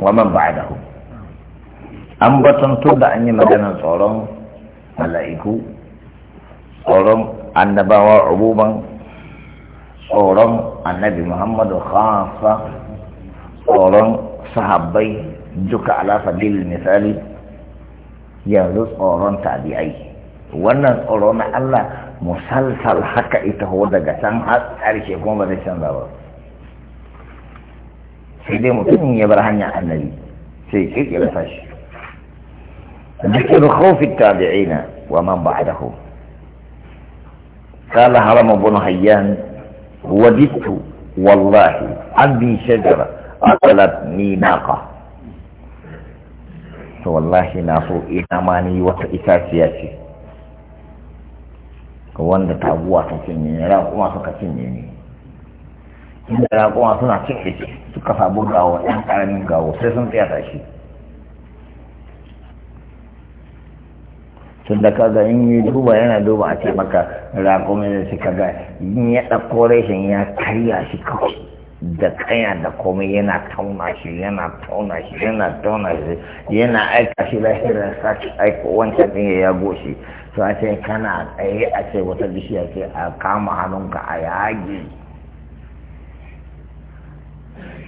wa man an batanto da an yi maganar tsoron mala'iku tsoron annabawa abubuwan tsoron annabi muhammadu khafa tsoron sahabbai duka alafa bil misali yanzu tsoron tabi'ai wannan tsoron na allah musalsal haka ita ho daga can har ƙarshe kuma ba zai canza ba sai dai mutum ya bar hanyar annabi sai shi ke rasa shi ذكر خوف التابعين ومن بعدهم قال هرم بن هيان وددت والله عندي شجرة أكلتني ناقة والله ناسو إنماني وتإساسياتي wanda tabuwa ta ne ra kuma suka cinye inda raƙuma suna cin ice suka sabu gawo ɗan ƙaramin gawo sai sun tsaya shi tun da kaga in yi duba yana duba a ce maka raƙumin da suka ga in ya ɗauko reshen ya karya shi kawai da kanya da komai yana tauna shi yana tauna shi yana tauna shi yana aika shi lahirar sake aiko wancan ɗin ya goshi to a ce kana tsaye a ce wata bishiya ce a kama hannunka a yage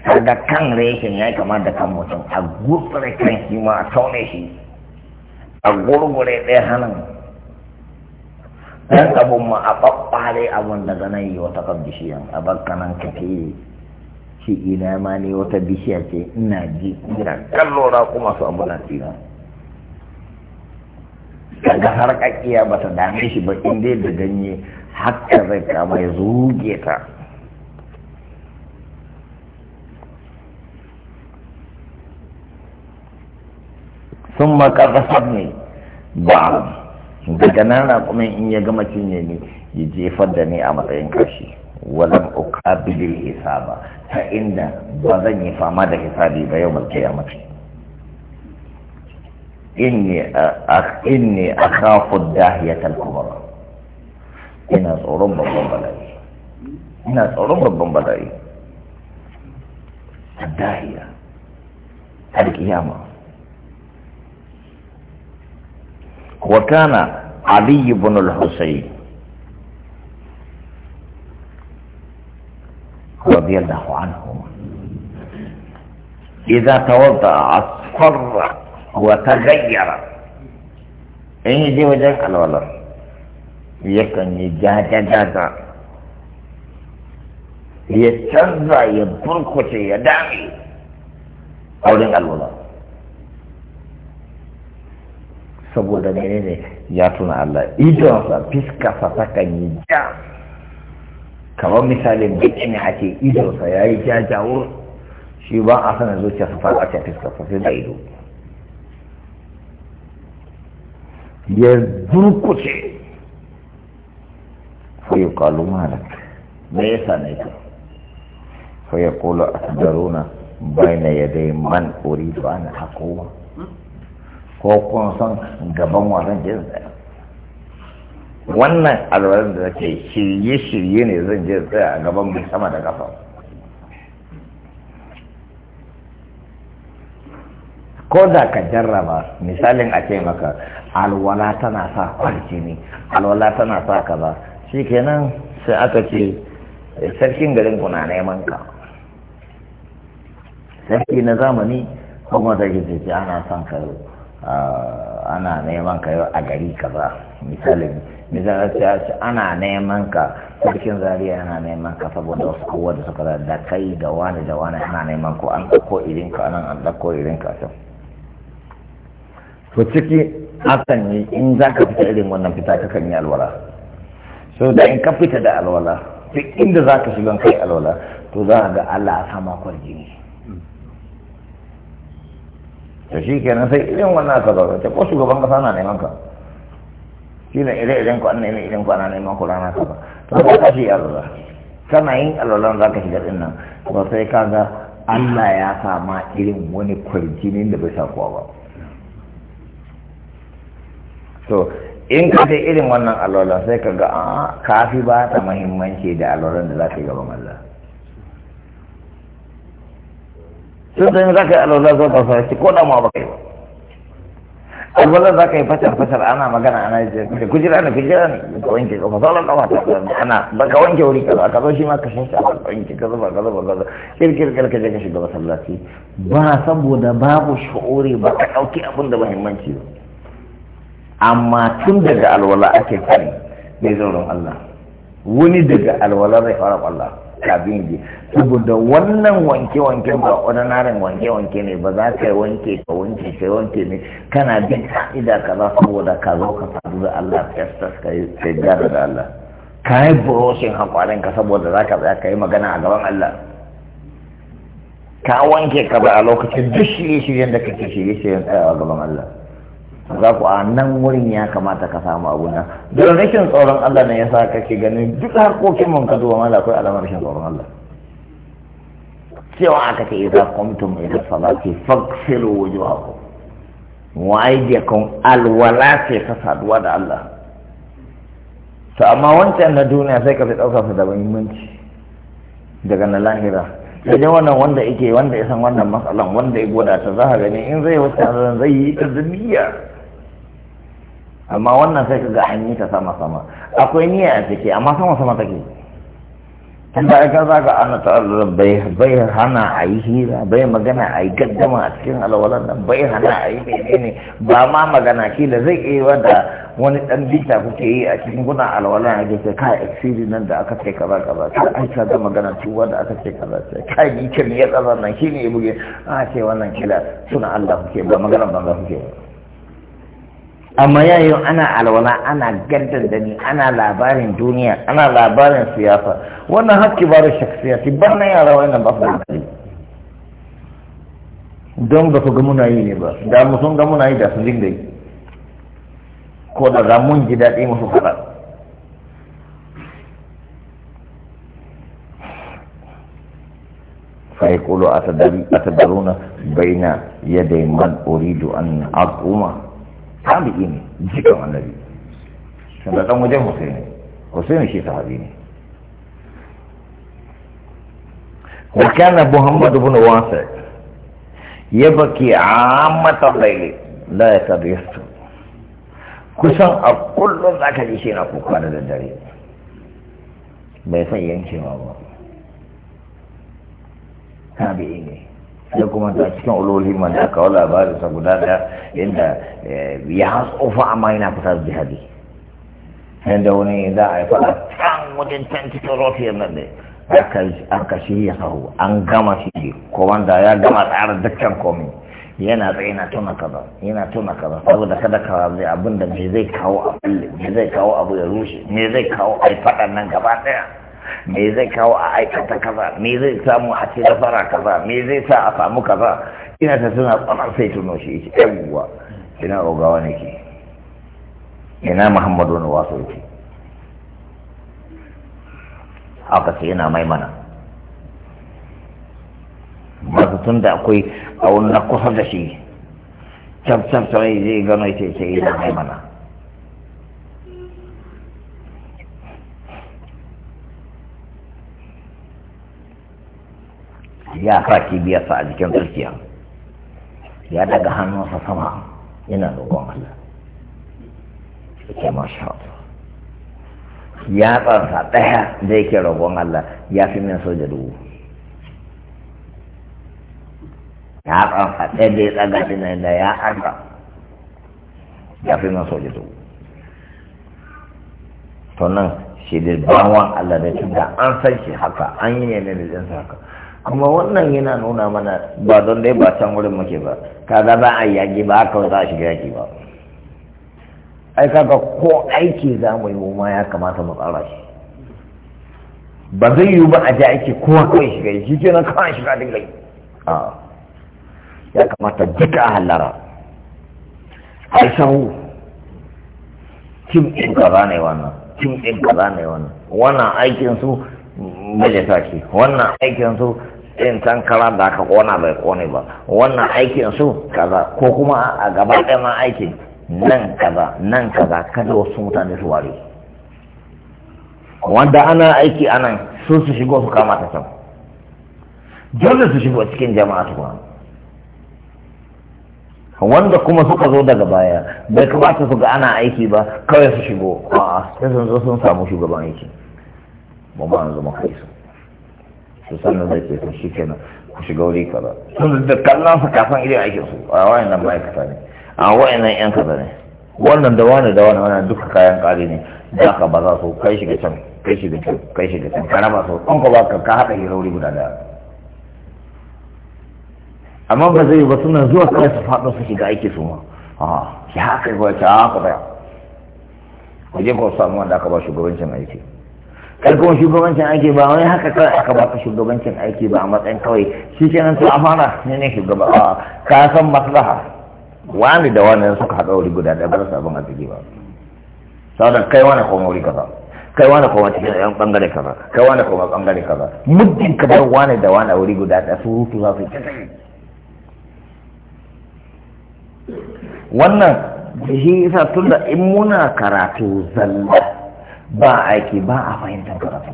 kaga kan reken ya kama da kan mutum a gutsure kan shi ma a taune shi a gurgure ɗaya hannun ɗan abun ma a ɓaɓɓare abun daga nan yi wata kan bishiya. a bakkanan kake shi ina ma ne wata bishiya ce ina ji ina kallora kuma su na tsira kaga har kakiya ba ta dame shi ba in dai da ganye haka zai kama ya zuge ta sun makasar ne ba daga nan kuma in ya gama cinye ni ya jefar da ni a matsayin kashi walam uqabilil hisaba ta inda ba zan yi fama da hisabi ba yau mulki ya mace inni inni akhafu dahiyatal kubra ina tsoron babban bala'i ina tsoron babban bala'i dahiya har kiyama وكان علي بن الحسين رضي الله عنه إذا توضأ أصفر وتغير إيه دي وجهك الولد يكن يجاجا جاجا يتنزع يبركوش يدعي أولين الولد saboda menene ya tuna Allah idonsa fiskarsa kan yi ja kamar misalin bakin hake idonsa ya yi ja jawur shi ba a sanar zuciyarsa ta ɓace fiskarsa sai da ido ya durkuce sai kalu malak me ya same ka sai ya kula a daruna bai na yadai man ba na hakowa ko kun san gaban wasan je tsaya wannan alwarin da take shirye-shirye ne zan je tsaya a gaban mai sama da kafa ko da ka jarraba misalin a ce maka alwala tana sa kwarci ne alwala tana sa kaza kenan sai aka ce sarkin garin ku na neman ka sarki na zamani kuma ta ke ce ana son ka Ah, ana neman ka yau a gari kaza misali misali ana neman ka sarkin zaria ana neman ka saboda wasu kowa da suka da kai da wani da wani ana neman ko an ɗauko irin ka nan an ɗauko irin ka can to ciki hakan yi in za ka fita irin wannan fita ka kan yi alwala so da in ka fita da alwala duk inda za ka shiga kai alwala to za ka ga Allah ya sama kwarjini to shi kenan sai irin wannan ka zaɓa ta ko shugaban kasa na neman ka shi ne ire iren ku an irin kwana ana neman na rana ka ba to ka kashi alwala kana yin alwalan za ka shiga dinnan ba sai ka ga Allah ya sama irin wani kwarjini da bai sa kowa ba to in ka sai irin wannan alwala sai ka ga a ah, kafi ba ta muhimmanci da alwalan da za ka yi gaban Allah sun da za ka yi alwala zo ka sarki ko da ma ba kai ba alwala za ka yi fashar fashar ana magana ana yi kujira ne kujira ne ka wanke ka fasar da wata ana ba ka wanke wuri ba ka zo shi ma ka shi ka wanke ka zuba ka zuba kaza kirkir ka je ka shiga masallaci ba saboda babu shu'uri ba ka dauki abin da muhimmanci ba amma tun daga alwala ake kare bai zaurin Allah wani daga alwala zai fara Allah kafin je saboda wannan wanke-wanke ba narin wanke-wanke ne ba za ka yi wanke ka wanke ka wanke ne kana bin ka'ida ka za saboda ka zo ka sadu da Allah festas ka yi sai gara da Allah ka yi buroshin hakwarin ka saboda za ka za ka yi magana a gaban Allah ka wanke ka ba a lokacin duk shirye-shiryen da kake shirye-shiryen tsayawa gaban Allah za ku a nan wurin ya kamata ka samu abu nan don rashin tsoron Allah ne ya sa kake ganin duk harkokin mun ka duba mala akwai alamar rashin tsoron Allah cewa aka ce idza kuntum ila salati faghsilu wujuhakum wa aydiyakum alwala fi ta saduwa da Allah to amma wancan na duniya sai ka fi dauka su da muhimmanci daga na lahira sai dai wannan wanda yake wanda ya san wannan matsalan wanda ya gwada ta za ka gani in zai wuce zai yi ta zubiya amma wannan sai ka ga an yi ta sama sama akwai niyya a ciki amma sama sama take tunda za ka zaka ana ta'allura bai bai hana a yi hira bai magana a yi gaddama a cikin alwalan nan bai hana a yi menene ba ma magana kila zai iya wanda wani dan bita kuke yi a cikin guna alwalan a gefe ka exceed nan da aka ce kaza kaza ka ai ka ga magana tuwa da aka ce kaza ce ka yi kin ya kaza nan shine ya buge a ah, ce wannan kila suna Allah kuke ba magana banza kuke ba amma yayin ana alwala ana gaddan da ni ana labarin duniya ana labarin siyasa wannan haƙƙi ba da shaksiyati ba na yara wannan ba su don ba su ga muna yi ne ba da mu sun ga muna yi da su jin dai ko da za mun ji daɗi musu faɗa فيقول أتدرون بين يدي من أريد أن أقوم tabi'i ne jikan annabi da dan wajen hussein, hussein shi sahabi ne wa kana muhammad ibn wasi yabki ammat al-layl la kusan a kullum zaka ji shi na kuka da daddare bai san ba ya kuma ta cikin ololi man da aka wala labarin sa guda da inda eh, ya ofa amma yana fita jihadi inda wani za a yi fada can wajen can cikin rofiyar nan ne aka shi ya sahu an gama shi ko wanda ya gama tsara dukkan komi yana tsaye yana tuna kaza yana tuna kaza saboda kada ka zai abin da me zai kawo abu ya rushe me zai kawo a yi faɗan nan gaba daya me zai kawo a aikata kaza me zai samu a ce nasara kaza me zai sa a samu kaza ina ta suna tsanar sai tuno shi ita uwa? ina ogawa nake ina muhammadu na wasu yake aka ce yana mai mana masu tun da akwai a wani na kusa da shi can can zai gano ita ce yana mai mana ya sa kibiyarsa a jikin tsakiya ya daga hannunsa sama yana roƙon Allah yake masha Allah ya tsarsa ɗaya da yake roƙon Allah ya fi min soja dubu ya tsarsa ɗaya da ya tsaga dinan da ya arba ya fi min soja dubu to nan shi da bawan Allah da tunda an san shi haka an yi ne da haka Kuma wannan yana nuna mana ba don dai ba can wurin muke ba kaza ba a yaƙi ba haka za a shiga yaki ba ai kaga ko aiki za mu yi ma ya kamata mu tsara shi ba zai yiwu ba a ji aiki kowa kawai shiga shi ke nan kawai shiga duk lai a ya kamata duka a hallara ai sahu kim ɗin kaza ne wannan kim ɗin kaza ne wannan wannan aikin su majalisa ce wannan aikin su in kankara da aka kona bai kone ba wannan aikin su kaza ko kuma a gaba ɗaya aikin nan kaza nan kaza kada wasu mutane su ware wanda ana aiki a nan su su shigo su kama ta can dole su shigo cikin jama'a su wanda kuma suka zo daga baya bai kamata su ga ana aiki ba kawai su shigo a'a sai sun zo sun samu shugaban aiki ba ba zama kai su su sannan zai ce to shi kenan ku shiga wuri kaza sun da kallon su kafin iri aikin su a wayan nan ma'aikata ne a wayan nan yan kaza ne wannan da wani da wani wannan duka kayan kare ne da ka ba za su kai shiga can kai shiga can kai shiga can Kana ba su an ka ba ka haɗa hira wuri guda daya amma ba zai ba suna zuwa kai su faɗo su shiga aiki su ma a ki haka ba ki haka ba ku je ku samu wanda aka ba shugabancin aiki kai kuma shugabancin aiki ba wani haka kawai aka baka shugabancin aiki ba a matsayin kawai shi nan to amara, ne ne shugaba a ka san maslaha wani da wani suka haɗa wuri guda ɗaya ba sabon abin arziki ba sauran kai wani kuma wuri kaza kai wani kuma cikin ɗan ɓangare kaza kai wani kuma ɓangare kaza muddin ka bar wani da wani a wuri guda ɗaya surutu za su yi wannan shi yasa tunda in muna karatu zalla ba aiki ba a fahimtar karatu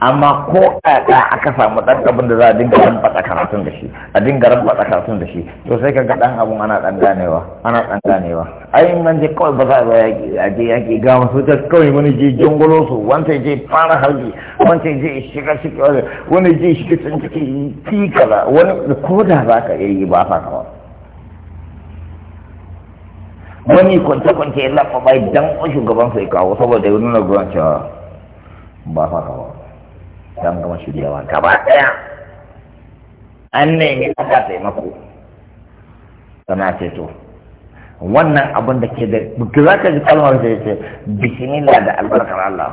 amma ko ɗaɗa aka samu ɗan abin da za a dinga rambatsa karatun da shi a dinga rambatsa karatun da shi to sai ka ga ɗan abun ana ɗan ganewa ana ɗan ganewa ai nan je kawai ba za a a je yaƙi ga wasu ta kawai wani je jangolo su wanda je fara harbi wanda je shiga shiga wani je shiga can ciki fi kaza wani ko da za ka iya yi ba sa kawai wani kwance-kwance ya lafa bai dan shugaban sai kawo saboda ya nuna gudan cewa ba fa kawo dan gama shiryawa gaba daya an nemi aka taimako sana ce to wannan abin da ke da za ka ji kalmar da ce bismillah da albarkar Allah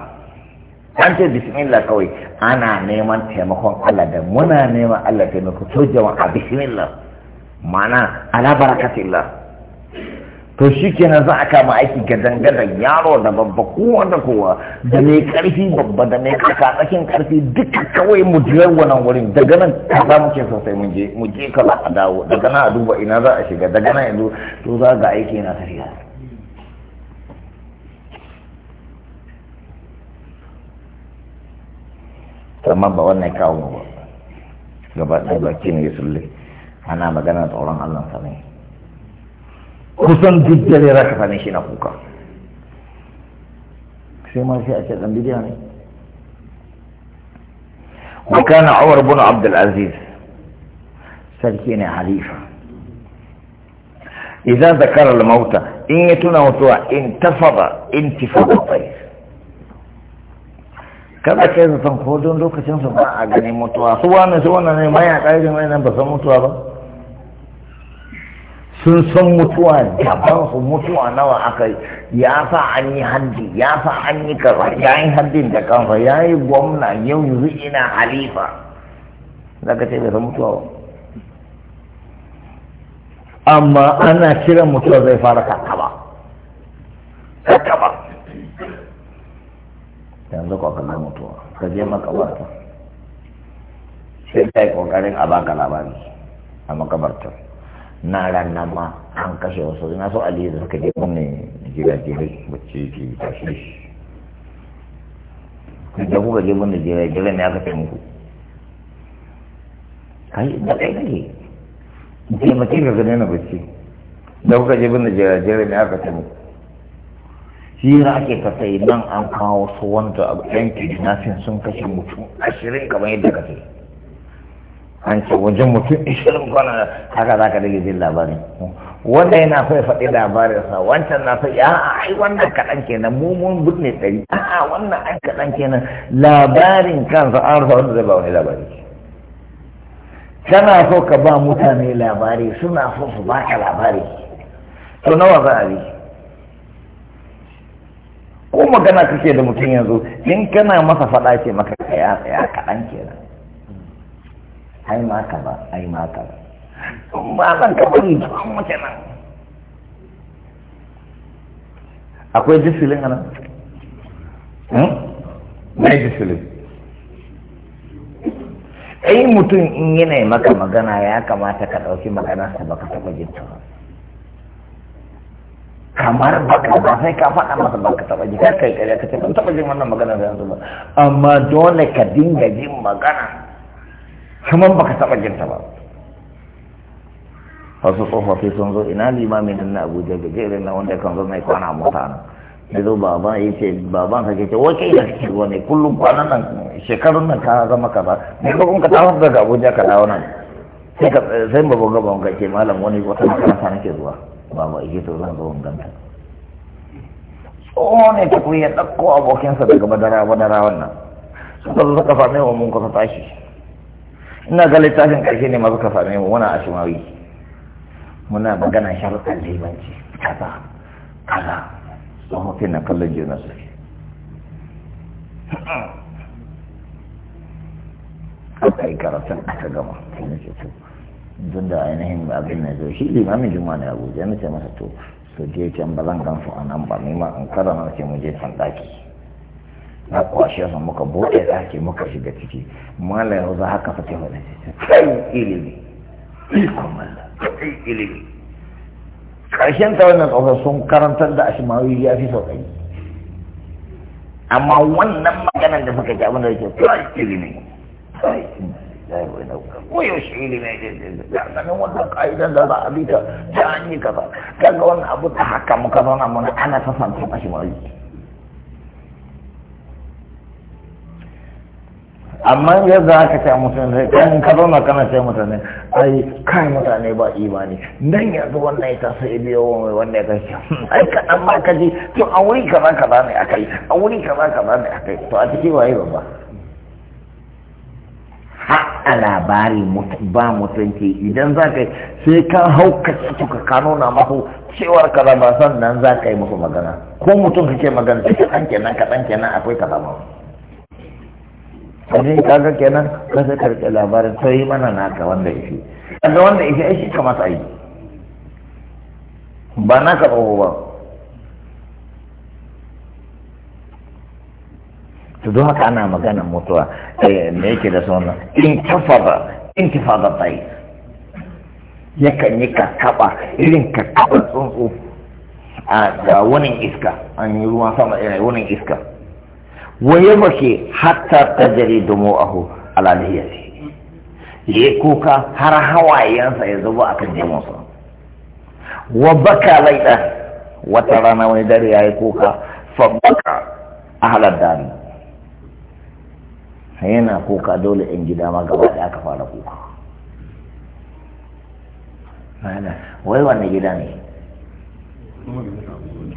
an ce bismillah kawai ana neman taimakon Allah da muna neman Allah taimako to jama'a bismillah ma'ana ala barakatillah to shi kenan za a kama aiki ga dangadan yaro da babba kowa da kowa da mai karfi babba da mai kaka tsakin karfi duka kawai mu jiyar wannan wurin daga nan ka za mu ke sosai mu je mu je ka za a dawo daga nan a duba ina za a shiga daga nan yanzu to za ga aiki yana tafiya amma ba wannan kawo ba gaba ɗaya ba kini ya sulle ana magana tsoron Allah sa ne kusan duk dare za ka same shi na kuka sai ma sai a ce dan bidiya ne wa kana Umar bin Abdul Aziz sarki ne halifa idan zakara al-mauta in ya tuna mutuwa in tafada in tifada tsaye kada kai zaton ko don lokacin su ba a ganin mutuwa su wani su wannan ne bayan ƙarfin wani nan ba san mutuwa ba sun san mutuwa gaban su mutuwa nawa aka yi ya sa an yi haddi ya sa an yi kaza ya yi haddin da kansa ya yi gwamna yau yanzu ina halifa za ka ce bai san mutuwa ba amma ana kiran mutuwa zai fara kakaba kakaba yanzu kwa kallon mutuwa ka je makabarta sai ka yi kokarin a baka labari a makabartar na nan ma an kashe wasu na so Ali da suka je kunne gidaje wacce ke tashi shi da kuka je mun Najeriya jira ne aka taimako kai da kai ne je mace ka gane na bacci da kuka je mun Najeriya jira ne aka taimako shi ne ake ka sai nan an kawo su wanda a yanki nafin sun kashe mutum ashirin kamar yadda ka sai an ce wajen mutum ishirin kwana haka za ka rage jin labarin wanda yana so ya labarin labarinsa wancan na so ya ai wannan kaɗan kenan mu mun burne ɗari a'a wannan an kaɗan kenan labarin kansa an rufa wanda zai ba wani labari kana so ka ba mutane labari suna so su ba ka labari to nawa za a yi ko magana kake da mutum yanzu in kana masa faɗa ce maka ya kaɗan kenan ai ma ka ba ai ma ka ba malam ka bari gaban mace nan akwai disilin a nan hmm? na yi disilin ai mutum in yana maka magana ya kamata ka ɗauki maganarsa ba ka taɓa jinta ba kamar baka ba sai ka faɗa masa baka taɓa ji kar kai kare ka ce ban taɓa jin wannan magana da yanzu ba amma dole ka dinga jin magana kamar baka taɓa jinta ba wasu tsofaffi sun zo ina limamin nan na abuja da jerin na wanda kan zo mai kwana mota na ya zo baban ya ce baban sa ke ce wace ina kake zuwa ne kullum kwana nan shekarun nan ka zama kaza ne ko kun ka tafi daga abuja ka dawo nan sai ka sai ba ga ba ga ce malam wani wata makaranta nake zuwa baba ya to zan zo in ganta tsoho ne ta kuyi ya ɗauko abokinsa daga madara madara wannan suka zo suka same wa mun kusa tashi ina ga littafin ƙarshe ne masu ka same mu muna ashimawi muna magana sharuɗan limanci kaza kaza don mutum na kallon juna su aka yi karatun aka gama tun da su don da ainihin abin na zo shi limamin juma ne abuja na ce masa to su je can ba zan gan su a nan ba nema an kara na ce mu je can ɗaki na kwashe su muka buɗe ɗaki muka shiga ciki mala yau za haka fata wani sai ilimi ikon mala sai ilimi ƙarshen ta wannan tsofar sun karantar da ashimawi ya fi sau ɗari amma wannan maganar da suka ji abin da yake sai ilimi koyaushe ilimi ya ganin wannan ka'idan da za a bi ta ta an kaza kaga wannan abu ta haka muka zauna muna ana ta samun ashimawi amma yadda aka ce mutane sai kan ka zauna kana ce mutane ai kai mutane ba imani dan yanzu wannan ita sai biyo mai wanda ya kai hmm, ai kaɗan ma ka ji to a wuri kaza kaza ne akai a wuri kaza kaza ne akai to a cikin waye babba a labari ba mutunci idan za ka sai ka hau ka tuka ka nuna masu cewar ka ba nan za ka yi musu magana ko mutum kake magana sai kaɗan kenan kaɗan kenan akwai kaza sai kaga kenan ka sai karɓi labarin ta yi mana naka wanda ya fi ga wanda ya fi aiki ka kamata a yi ba ka tsoho ba to don haka ana magana mutuwa da eh, yake da sauna in kafara in ta yi yakan yi kakaba irin kakaba tsuntsu a da wani iska an yi ruwan sama irin wani iska waye ya mashi hatta tajari dumu'ahu ala lihiyati ya kuka har hawayensa ya zuba kan jimansa wa baka laida wata rana wani dare ya yi kuka fa baka halar dari yana kuka dole in gida ma gaba da aka fara kuka wai wanne gida ne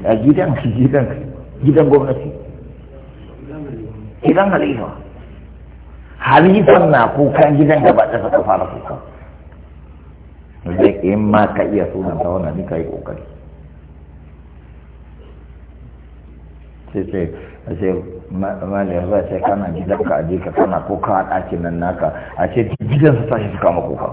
a gidan gidan gidan gwamnati Idan halifa halifan na kukan gidan da ba ta saka fara kuka zai in ma ka iya sunan ta wannan ni ka yi kokari sai sai a ce ya zai sai kana gidan ka aje ka kana kuka a ɗakin nan naka a ce gidan su tashi su kama kuka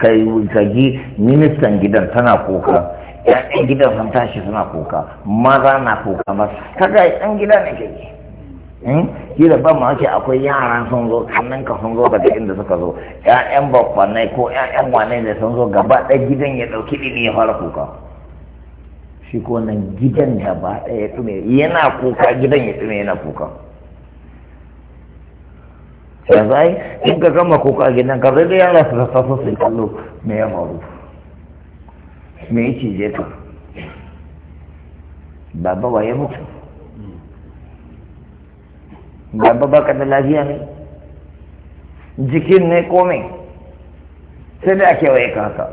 kai wuta ji ministan gidan tana kuka 'ya'yan gidan sun tashi suna kuka maza na kuka masu kaga 'yan gida ne ke yi shi hmm? da ban mamaki akwai yaran sun zo kannan ka sun zo daga inda suka zo ƴaƴan bakwanai ko ƴaƴan wane ne sun zo gaba ɗaya gidan ya ɗauki ɗini ya fara kuka shi ko nan gidan gaba ɗaya ya tsume yana kuka gidan ya tsume yana kuka ya zai in ka gama kuka gidan ka zai da yara su sassa su kallo me ya faru me ya cije baba waye mutu baba baka da lafiya ne jikin ne kome sai da ake waye ka haka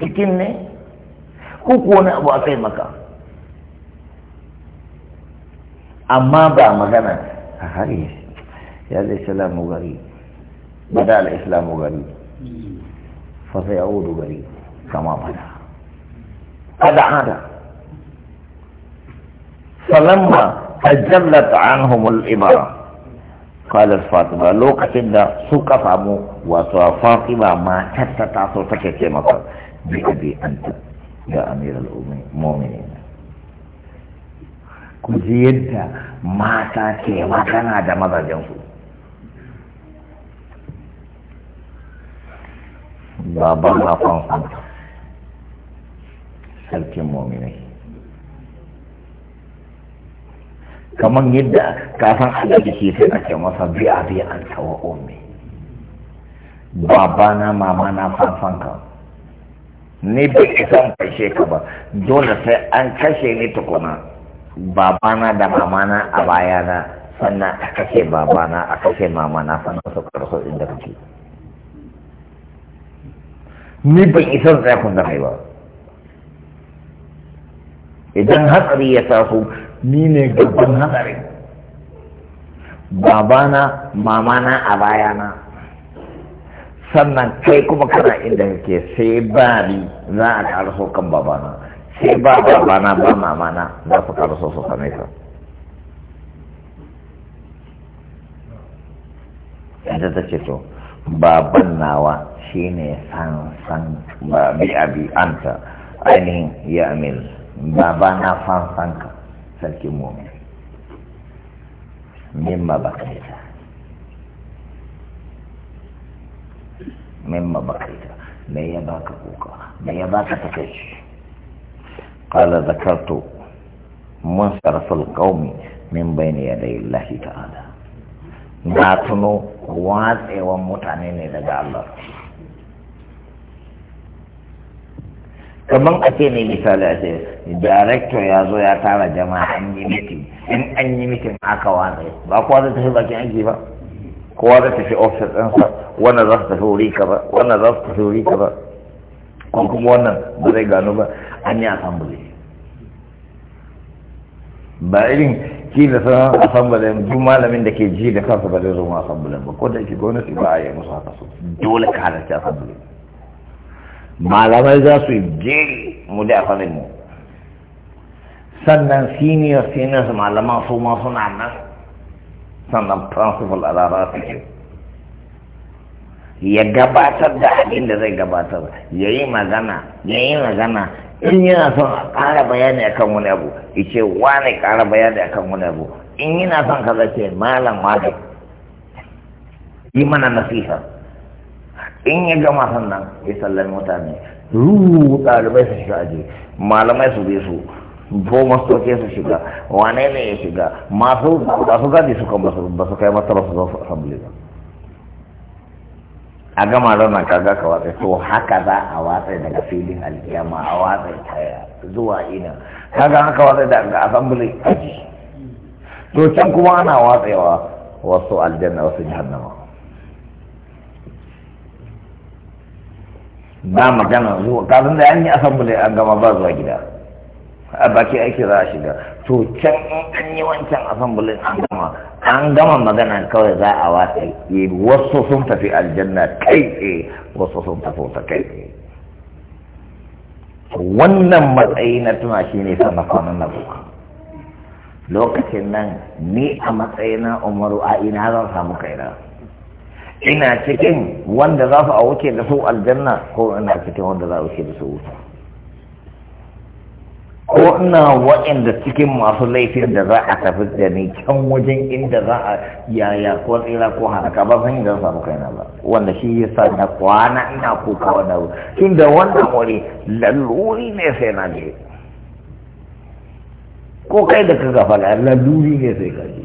jikin ne ko wani abu a kai maka amma ba magana a hari ya zai salamu gari ba da islamu gari ya sai gari كما بدا قد عاد فلما تجلت عنهم العبارة قال الفاطمة لو كتبنا سوكا فامو وسوى فاطمة ما تتتا سوتك كما بأبي أنت يا أمير المؤمنين كزيدة ما yadda ما كان هذا da جنسو baban hakon santa sarkin mominai kamar yadda kafin alaji ke sai ake masa biya biya an tawa omi babana mama na fafan ka ni bai an kashe ka ba dole sai an kashe ni tukuna babana da mamana a baya na sannan a kashe babana a kashe mamana sannan su karso inda kake ni ban isan kun da ba idan hatsari ya taso ni ne gaban hatsari babana mamana a bayana sannan kai kuma kana inda kake sai ba ni za a karaso kan babana sai ba babana ba mamana za su karaso su same ka yadda ta ce to baban nawa shine san san ba bi abi anta ainihin ya amina. baba na fansanka sarkin mumin mimma bakaita mimma ita me ya ka kuka me ya ka takaici zakarto mun sarrafa qaumi min bayni yaday Allah ta'ala na tuno watsewan mutane ne daga Allah kamar a ce ne misali a ce director ya zo ya tara jama'a an yi mitin in an yi mitin aka wane ba kowa zai tafi bakin aiki ba kowa zai tafi office ɗinsa wannan za su tafi wuri ka ba wannan za su tafi wuri ka ba ko kuma wannan ba zai gano ba an yi assembly ba irin da sanar assembly duk malamin da ke ji da kansa ba zai zo assembly ba ko da ke gwamnati ba a yi musu haka so dole ka halarci assembly malamai za su je mu da sanin mu sannan senior senior malaman su ma suna nan sannan principal a rara ya gabatar da abin da zai gabatar ya yi magana ya yi magana in yana son a ƙara bayani akan wani abu ice wane ƙara bayani akan wani abu in yana son ka zace malam wane yi mana nasihar in ya gama sannan ya sallami mutane ruru ɗalibai su shiga aji malamai su bi su ko mastoke su shiga wane ne ya shiga masu masu gadi su kan ba su kai mata ba su zo assembly ba a gama rana kaga ka watsa to haka za a watsa daga filin alkiyama a watsa kaya zuwa ina kaga haka watsa daga assembly aji to can kuma ana watsewa wasu aljanna wasu jahannama ba magana zuwa kafin da an yi bude an gama ba zuwa gida a baki ake za a shiga to can an yi wancan asambulin an gama an gama magana kawai za a wata eh, wasu sun tafi aljanna kai tsaye wasu sun tafi wata kai tsaye wannan matsayi na tuna shi ne sana kwana na buka lokacin nan ni a na umaru a ina zan samu kaina ina cikin wanda za su a wuce da su aljanna ko ina cikin wanda za a wuce da su wuta ko ina waɗanda cikin masu laifin da za a tafi da ni can wajen inda za a yaya ko tsira ko haraka ba san zan samu kaina ba wanda shi ya sa na kwana ina kuka wuta. tun da wannan wani laluri ne sai na je ko kai da ka gafa laluri ne sai ka je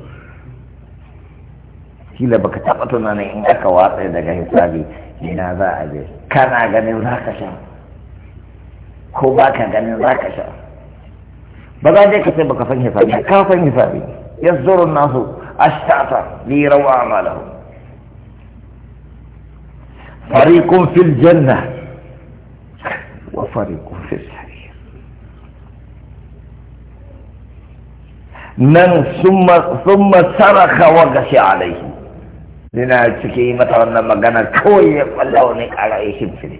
kila baka taba tunanin in aka watsa daga hisabi ina za a je kana ganin za ka sha ko ba ka ganin za ka sha ba za je ka sai baka san hisabi ka san hisabi yazzuru nasu ashtata li rawa amalahu fariqun fil janna wa fariqun fil sa'ir nan summa summa saraka wa gashi alaihi nina cike yi mata wannan magana kawai ya kwalla wani kara ya shimfire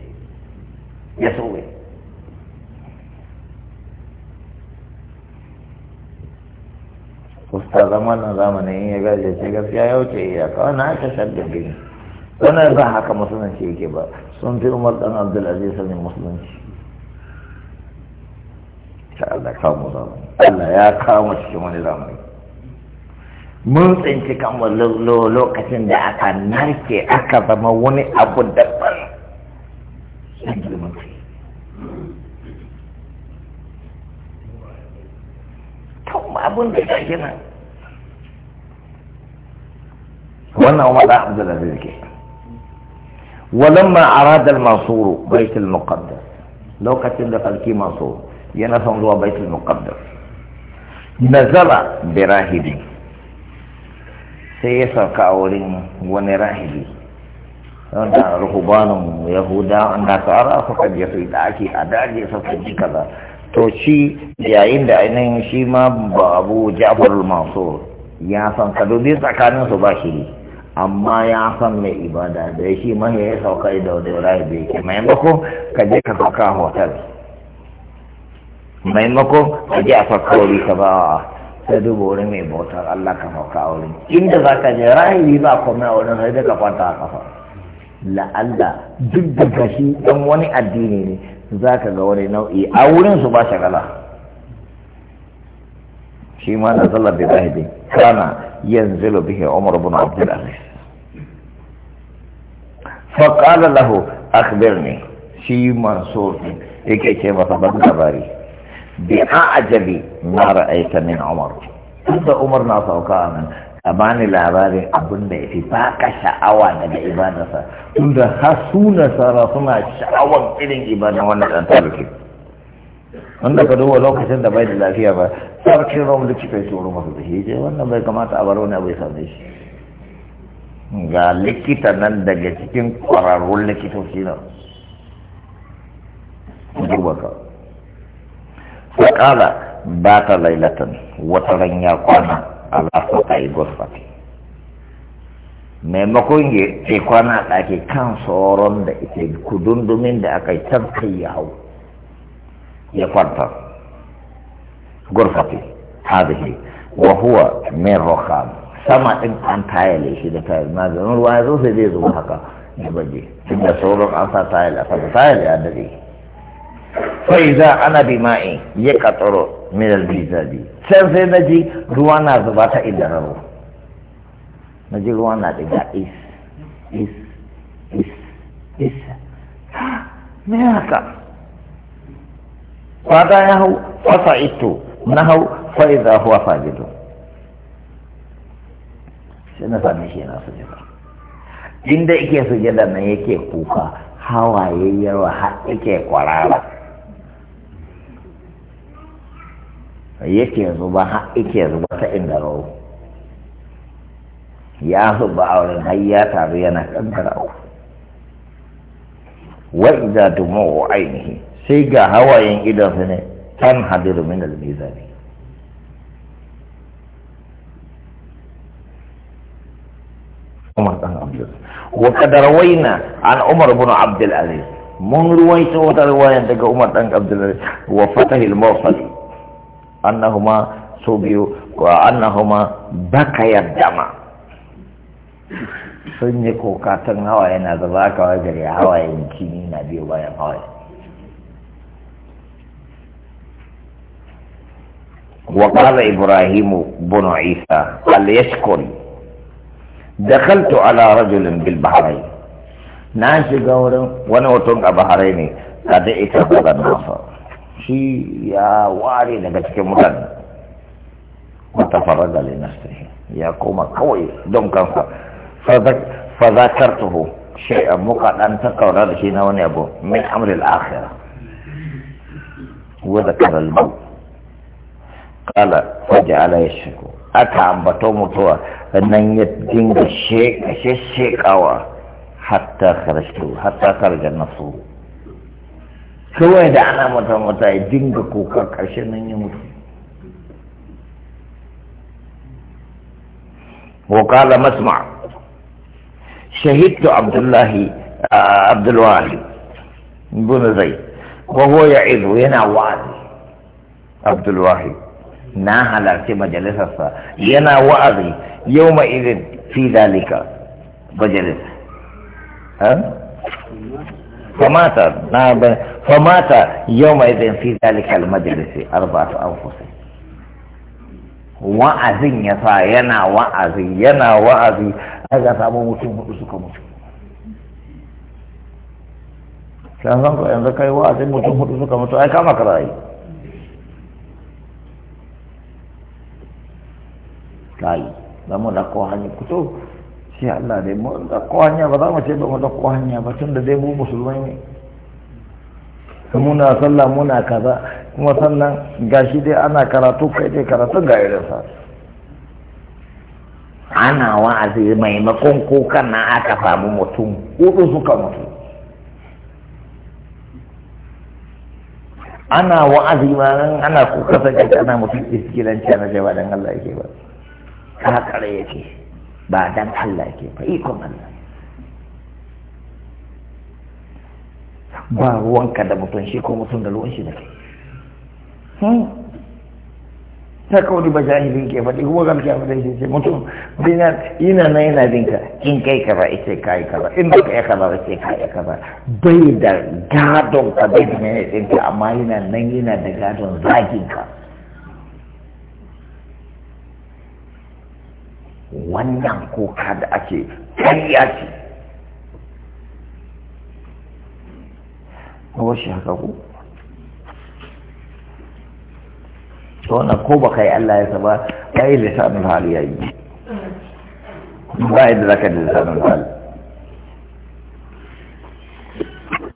ya sobe kusta zama na zamanin ya gaje ce gaskiya ya wuce kawai na aka shadda gini wannan ba haka musulunci yake ba sun fi umar dan abdulaziz sani musulunci ta Allah kama zamani Allah ya kama cikin wani zamani mun tsinci kan lokacin da aka narke aka zama wani abu daban sun girman kai kan abun da ya gina wannan wa da abdulaziz ke walamma arada al-mansur bait al-muqaddas lokacin da kalki mansur yana son zuwa bait al-muqaddas nazara bi rahibin sai ya sauka a wurin wani rahibi wanda rahubanin yahuda da su suka je su da ake a daji suka ji kaza to shi yayin da ainihin shi ma babu jafar masu. ya san ka dubi tsakanin su ba shi amma ya san mai ibada da shi ma ya sauka da wani rahibi ke maimako ka je ka sauka hotel maimako ka je a sauka wuri ka ba ta duba wurin mai bautar Allah ka hauka a wurin inda za ka je rahibi ba kome a wurin sai daga kwanta a kafa la'alla duk da gashi dan wani addini ne za ka ga wani nau'i a wurin su ba shagala shi ma na bai zahi zahibi kana yanzu bihe umar bin abdul aziz فقال له أخبرني شي منصور ce masa ban labari. bi ajabi ma ra'aita min umar da umar na sauka nan a bani labarin abin da ya ba ka sha'awa daga ibadarsa tunda har su nasara suna sha'awar irin ibadar wannan ɗan wanda ka duba lokacin da bai da lafiya ba sarkin rom da kika yi tsoro masu da hije wannan bai kamata a bar wani abu ya same shi ga likita nan daga cikin kwararrun likitoci na duba ka وقال بات ليلة وترن kwana قانا a yi غرفتي maimakon ya ce kwana ɗaki kan sauron da ita kudundumin da aka yi can kai ya hau ya kwanta gurfati hadihi wa huwa min rokham sama ɗin an tayale shi da tayal maganin ruwa ya zo sai zai zo haka ya baje tun da sauran an sa tayale a sama tayale ya dade faiza ana bi ma'i ya katsoro milar bizabi can sai na ji ruwa na zuba ta inda raro na ji ruwa na daga is is is is Ha, me haka fata ya hau fasa ito na hau faiza huwa fajido sai na sami shi na su sujada inda ike su jida na yake kuka hawaye yawa ha ike kwarara yake yanzu ba har yake yanzu ba ta inda rawo ya zuba ba wurin har ya taru yana kankara wa idza dumu ainihi sai ga hawayen idansa ne tan hadiru min al-mizani Umar dan Abdul wa qad rawaina an Umar ibn Abdul Aziz mun ruwaito wata riwaya daga Umar dan Abdul Aziz wa fatahil mawsali أنهما صبيو وأنهما بقيا الدم سنة كوكاتن هوا إن وجري هوا إن نبي وبايا هوا وقال إبراهيم بن عيسى قال يشكر دخلت على رجل بالبحرين ناشي قولوا وانا وطنق بحريني قد النصر shi ya ware daga cikin mutane wata faraga da nasirin ya koma kawai don kansa fazakartuhu a muka ɗan ta takaura da shi na wani abu min amril akhirah wadda zakara kala maut qala faja'ala yashku aka ambato mutuwa nan ya dinga shekawa hatta kharajtu hatta kharaja nafsuhu kawai da ana mata mata ya dinga kuka ƙarshen nan ya mutu وقال مسمع شهدت عبد الله عبد الوالي بن زيد وهو يعظ ينا وعظ عبد الواحد ناهل في مجلسه ينا وعظ يومئذ في ذلك مجلس ها فمات famata yau mai zai fi zalika almajalisi arba'atu anfusai wa'azin ya sa yana wa'azi yana wa'azi ga samun mutum hudu suka mutu san san ko yanzu kai wa'azin mutum hudu suka mutu ai kama karayi kai za mu dauko hanyar kuto shi Allah dai mu dauko hanya ba za mu ce ba mu da dauko hanya ba tun da dai mu musulmai ne muna sallah muna kaza kuma sannan gashi dai ana karatu kai dai karatu ga irinsa ana wa'azi maimakon kukan na aka samu mutum hudu suka mutu ana wa'azi ma nan ana kuka sake ana mutum ce na jaba dan Allah yake ba ka kare yake ba dan Allah yake ba ikon Allah ba ruwanka da mutum shi ko mutum da ruwan shi da kai hmm? ta kawai ba jahilin ke faɗi kuma zan kya faɗi shi ce mutum bina ina na yana bin ka in kai ba ita kai ba in ba ka ba kaza ita kai ka ba bai da gadon ka bai da mene din ka amma yana nan yana da gadon zagin ka wannan kuka da ake kariya ce a washe haka ku wannan ko ba kai Allah ya saba kai lisanul hali yayi ba yadda zaka lisanul hali